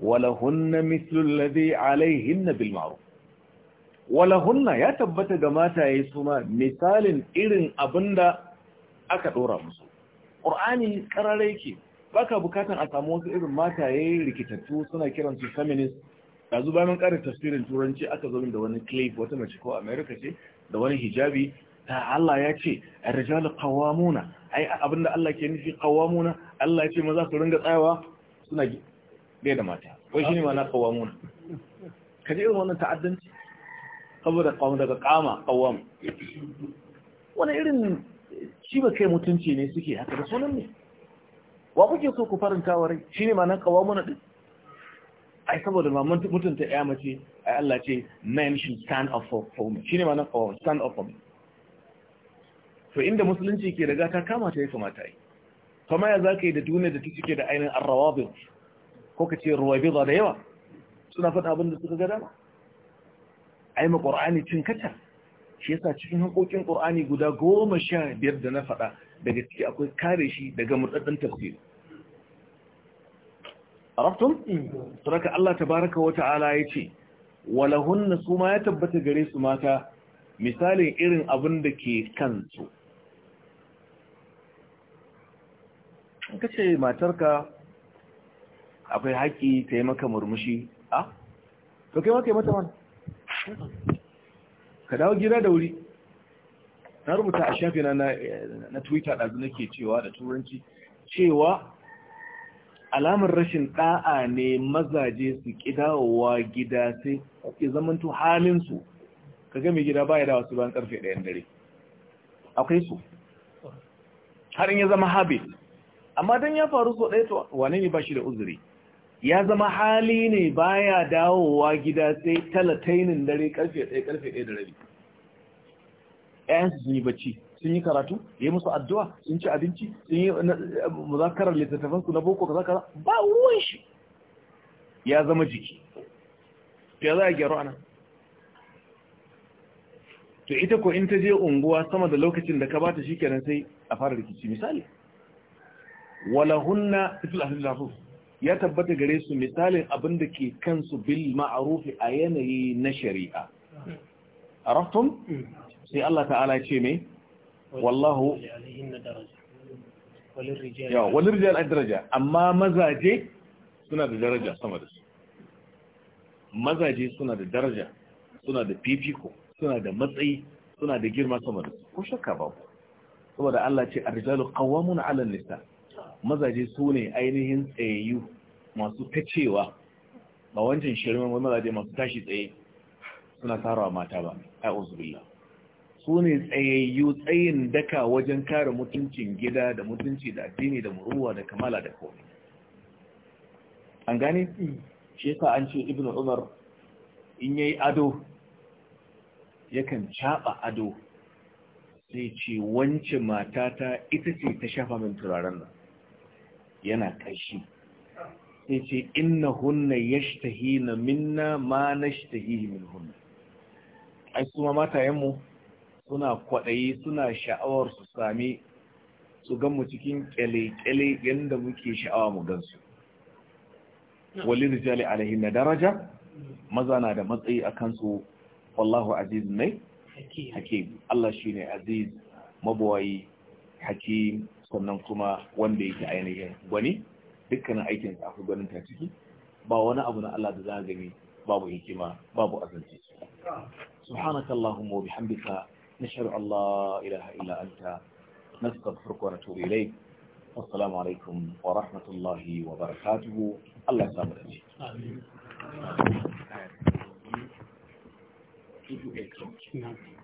walahunna mislul ladhi Alayhin bil ma'ruf walahunna ya tabbata ga mataye su ma misalin irin abinda aka dora musu ƙur'ani ƙarare yake baka bukatan a samu wasu irin mataye rikitattu suna kiran su feminist yanzu min ƙarin tasirin turanci aka zo da wani clip wata mace ko america ce da wani hijabi ta Allah ya ce ar-rijalu qawwamuna ai abinda Allah ke nufi qawwamuna Allah ya ce maza su ringa tsayawa suna gai da mata wai shine ma'ana Ka kaje irin wannan ta'addanci saboda kawon daga kama kawon wani irin shi ba kai mutunci ne suke haka da sunan ne wa kuke so ku farin wa rai shi ne ma nan kawon muna ɗin ai saboda ma mutunta ya mace ai Allah ce men should stand up for, for me shi ne ma nan kawon stand up for me to inda musulunci ke daga ta kama ta ya kamata yi kama ya za ka yi da duniya da ta cike da ainihin arrawabin ko ka ce ruwa da yawa suna faɗa abin da suka ga dama ai ma qur'ani cin kacar shi yasa cikin hankokin qur'ani guda goma sha biyar da na faɗa daga ciki akwai kare shi daga murɗaɗɗen tafsiri arabtum saraka Allah tabaraka wa ta'ala yace su ma ya tabbata gare su mata misalin irin abin da ke kansu ka ce matarka akwai haƙi ta yi maka murmushi a? Ah, to kai maka yi mata wani ka dawo gida da wuri na rubuta a shafi na twitter ɗazu nake cewa da turanci cewa alamar rashin ɗa'a ne mazaje su ƙidawowa gida sai ya zamantu halinsu ka gami gida baya da wasu ban ƙarfe ɗayan dare akwai su har in ya zama habit amma don ya faru so ɗaya to wane ne ba shi da uzuri ya zama hali ne baya dawowa gida sai talatainin dare karfe ɗaya karfe ɗaya da rabi Ƴansu sun yi bacci sun yi karatu ya yi musu addu'a sun ci abinci sun yi muzakarar littattafansu na boko kaza kaza ba ruwan shi ya zama jiki ya za a gyaru ana to ita ko in ta je unguwa sama da lokacin da ka bata shi kenan sai a fara rikici misali walahunna itul ahli lafuf ya tabbata gare su misalin abin da ke kansu bil ma'arufi a yanayi na shari'a araftum sai Allah ta'ala ce me wallahu walin rijal a daraja amma mazaje suna da daraja sama da su mazaje suna da daraja suna da fifiko suna da matsayi suna da girma sama da su ko shakka ba ku? saboda Allah ce arjalu qawwamun 'ala nisa mazaje su ne ainihin tsayayyu masu tacewa ba wancan shirin wani mazaje masu tashi tsaye suna tarawa mata ba a su ne tsayayyu tsayin daka wajen kare mutuncin gida da mutunci da addini da muruwa da kamala da kome an gane mm. shi yasa an ce Ibn umar in yayi ado yakan caba ado sai ce wance matata ita ce ta shafa min turaren nan yana kashi sai ce inna hunna ya yashtahi na minna ma na nashtahi min hunna ai kuma matayenmu suna kwaɗayi suna sha'awar su sami su mu cikin ƙyale-ƙyale yadda muke sha'awa mu gansu wali rijali alaihi na daraja maza na da matsayi a kansu wallahu aziz mai hakim Allah shi ne aziz mabuwayi hakim sannan kuma wanda yake ainihin gwani dukkanin aikin sa aka gwaninta ta ciki ba wani abu na Allah da za gani babu hikima babu azanci subhanakallahumma wa bihamdika nashhadu an la ilaha illa anta nastaghfiruka wa natubu ilayk assalamu alaikum wa rahmatullahi wa barakatuh Allah ya samu dace amin